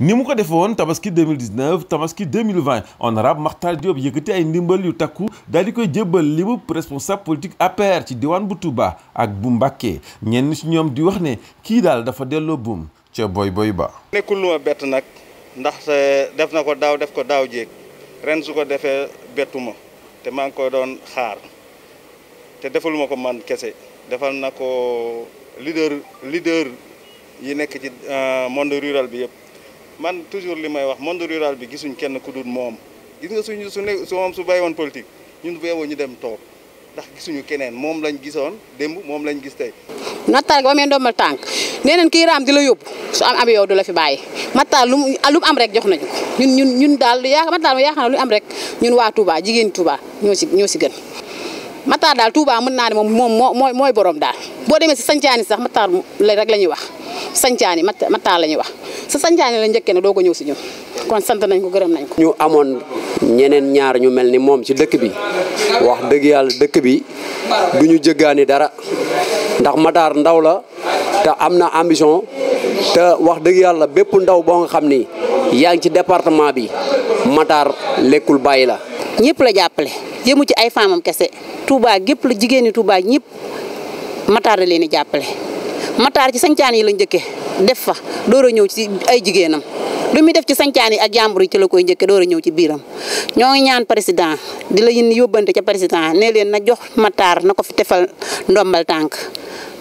ni mu ko defee woon tabaski 2019 tabaski 2020 honorable Makhtar Diop yëkkati ay ndimbal yu takku dal di koy jébbal li mu responsable politique APR ci diwaan bu Touba ak bu Mbacké ñenn su ñoom di wax ne kii daal dafa delloo buum ca boy boy ba. nekkul lu ma bett nag ndax eh, def na ko daaw def ko daaw jéeg ren su ko defee bettuma te maa ngi koy doon xaar te defaluma ko man kese defal na ko leader leader yi nekk ci eh, monde rural bi yëpp. man toujours li may wax monde rural bi gisuñ kenn ku dul moom gis nga suñu su ne su moom su bàyyi woon politique ñun weewoo ñu dem toog ndax gisuñu keneen moom lañ gisoon demb moom lañ gis tey. Matar ba amee ndombal tànk nee nañ kii la yóbbu su am am yow du la fi bàyyi Matar lu mu am rek jox nañu ko ñun ñun ñun daal yaa Matar ma yaakaar lu am rek ñun waa Touba jigéen Touba ñoo si ñoo si gën. Matar daal Touba mën naa ne moom moom mooy mooy borom daal boo demee si sancaani sax Matar lay rek la ñuy wax sancaani Matar la ñuy wax. sa sanjaane la njëkkee ne doo ko ñëw si ñun kon sant nañ ko gërëm nañ ko. ñu amoon ñeneen ñaar ñu mel ni moom ci dëkk bi wax dëgg yàlla dëkk bi du ñu jëggaani dara ndax Matar ndaw la te am na ambition te wax dëgg yàlla bépp ndaw boo nga xam ni yaa ngi ci département bi Matar lekkul bàyyi la. ñëpp la jàppale yëmu ci ay femmes kese Touba gépp la jigéen ñi Touba ñëpp Matar la leen di jàppale. Matar ci sañcaan yi la njëkkee def fa door a ñëw ci ay jigéenam lu muy def ci sañcaan yi ak jàmbur yi ci la koy njëkkee door a ñëw ci biiram ñoo ngi ñaan président di la yin yóbbante ca président ne leen na jox Matar na ko fi tefal ndombal tànk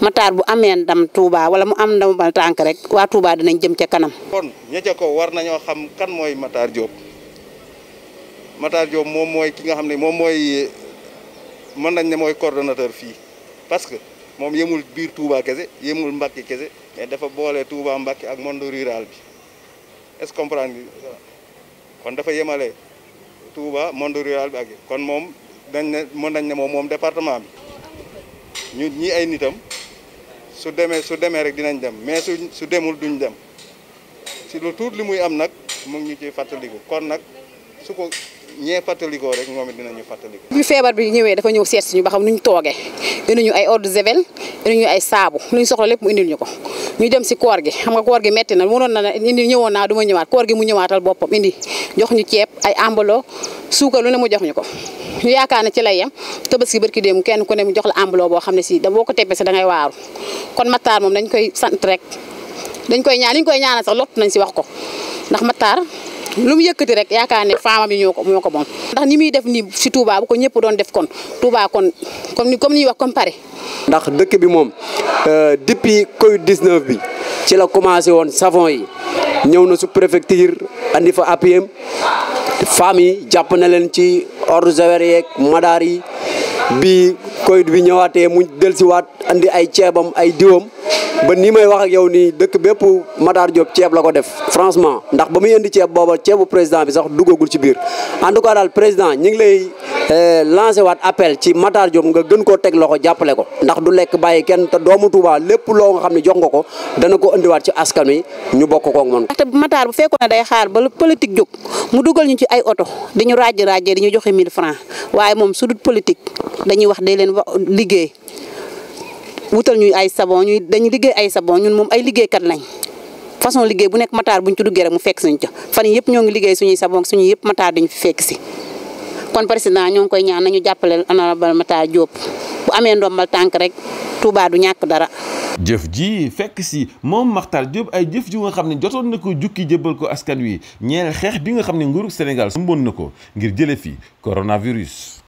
Matar bu amee ndam Touba wala mu am ndombal tànk rek waa Touba dinañ jëm ca kanam. kon ña ca ko war nañoo xam kan mooy Matar Diop Matar Diop moom mooy ki nga xam ne moom mooy mën nañ ne mooy coordonnateur fii moom yemul biir Touba kese yemul Mbacke kese mais dafa boole Touba Mbacke ak monde rural bi est-ce comprendre kon dafa yemale Touba monde rural bi ak kon moom dañ ne mën nañ ne moom moom département bi ñu ñi ay nitam su demee su demee rek dinañ dem mais su su demul duñ dem si lu tuut li muy am nag mu ngi ñu ciy kon nag su ko ñee fàttalikoo rek moom it dinañu fàttaliku. bi feebar bi ñëwee dafa ñëw seet si ñu ba xam nu ñu toogee indi ñu ay eau zevel, javel indi ñu ay sabu lu ñu soxla mu indil ñu ko ñu dem si koor gi xam nga koor gi metti na mënoon na indi ñëwoon naa du ma ñëwaat koor gi mu ñëwaatal boppam indi jox ñu ceeb ay ambalo suukar lu ne mu jox ñu ko ñu yaakaar ci lay yem tabaski barki démb kenn ku ne mu jox la ambalo bo xam si da boo ko teppee da ngay waru kon Matar mom, dañ koy sant rek dañ koy ñaan dañ koy ñaanal sax lott nañ ci wax ko ndax Matar lu mu yëkkati rek yaakaar ne femme yi ñoo ko ñoo ko moom ndax ni muy def nii si Touba bu ko ñëpp doon def kon Touba kon comme ni comme ni ñuy wax comparé. ndax dëkk bi moom euh, depuis Covid 19 bi ci la commencé woon savon yi ñëw na su préfecture andi fa APM femmes yi jàpp na leen ci ordre javer yeeg madaar bi Covid bi ñëwaatee mu dellusiwaat andi ay ceebam ay diwam. ba nii may wax ak yow nii dëkk bépp Matar Diop ceeb la ko def francement ndax ba muy indi ceeb booba ceebu président bi sax duggagul ci biir en tout cas daal président ñu ngi lay euh, lancé waat appel ci Matar Diop nga gën koo teg loxo jàppale ko ndax du lekk bàyyi kenn te doomu Touba lépp loo nga xam ne jox nga ko dana ko indiwaat ci askan wi ñu bokk koog man ndaxte Matar bu fekkoon ne day xaar ba politique jóg mu dugal ñu ci ay oto di ñu ràjj ràjjee di ñu joxe 1000 francs waaye moom su politique dañuy wax day leen liggéey wutal ñuy ay sabon ñuy dañu liggéey ay savon ñun moom ay liggéey kat nañ façon liggéey bu nekk mataar buñ ci duggee rek mu fekk suñ ca fan yëpp ñoo ngi liggéey suñuy savon suñu yëpp mataar dañu fi fekk si kon président ñoo ngi koy ñaan nañu jàppale honorable Matar Diop bu amee ndombal tànk rek Touba du ñàkk dara jëf ji fekk si moom Matar Diop ay jëf ji nga xam ne jotoon na ko jukki jébbal ko askan wi ñeel xeex bi nga xam ne nguurug Sénégal sumboon na ko ngir jële fi coronavirus